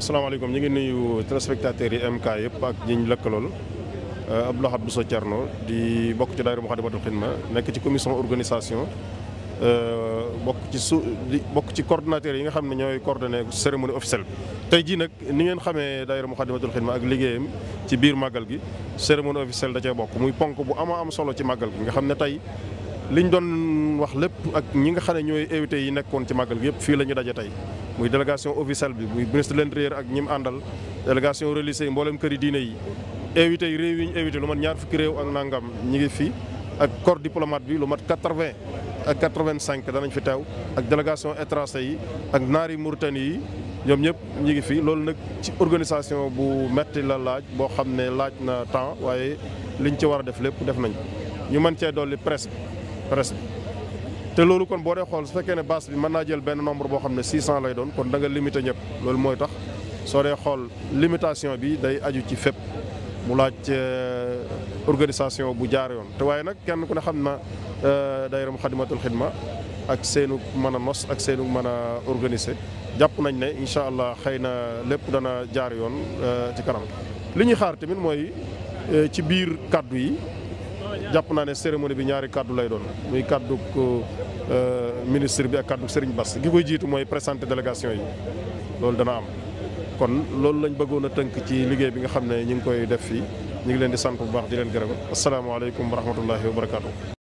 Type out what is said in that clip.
asalaamaaleykum ñu ngi nuyu téléspectateurs yi MK yëpp ak ñi ñu lëkkalool euh, Abdou Lahad Bousso Thierno di bokk ci daayira Moukhaddamatoul Khidma nekk ci commission organisation euh, bokk ci su ci coordonnateur yi nga xam ne ñooy coordonné cérémonie officielle bi. tey ji nag ni ngeen xamee daayira Moukhaddamatoul Khidma ak liggéeyam ci biir màggal gi cérémonie officielle da cee bokk muy ponk bu ama am solo ci màggal gi nga xam ne tey. li ñu doon wax lépp ak ñi nga xam ne ñooy invité yi nekkoon ci màggal gi yëpp fii la ñu daje tey muy délégation officielle bi muy ministre de l'intérieur ak ñim àndal délégation religieuse yi mboolem këri diine yi invité yi réew yi ñu invité lu mat ñaar fukki réew ak nangam ñi ngi fi ak corps diplomate bi mat quatre-vingts ak quatre vingt danañ fi teew ak délégation étranger ak naari Mauritanie yi ñoom ñëpp ñi ngi fi loolu nag ci organisation bu metti la laaj boo xam ne laaj na temps waaye liñ ci war a def lépp def nañ ñu mën cee dolli presse presse bi te loolu kon boo dee xool su fekkee ne bâche bi mën naa jël benn nombre boo xam ne 600 lay doon kon da nga limité ñëpp loolu mooy tax soo dee xool limitation bi day aju ci fépp mu laaj euh, organisation bu jaar yoon te waaye nag kenn ku ne xam na euh, daayira Muxaddamatul Xidma ak seenu mën a nos ak seenu mën a organiser jàpp nañ ne incha allah xëy na lépp dana jaar yoon euh, ci kanam li ñuy xaar tamit mooy ci biir kàddu yi. jàpp naa ne cérémonie bi ñaari kàddu lay doon muy kaddu euh, ministre bi ak kaddu Serigne Bass gi koy jiitu mooy présenté délégation yi loolu dana am. kon loolu lañ bëggoon a tënk ci liggéey bi nga xam ne ñu ngi koy def fii ñu ngi leen di sant bu baax di leen gërëm asalaamaaleykum wa rahmatullahi wa barakaatu.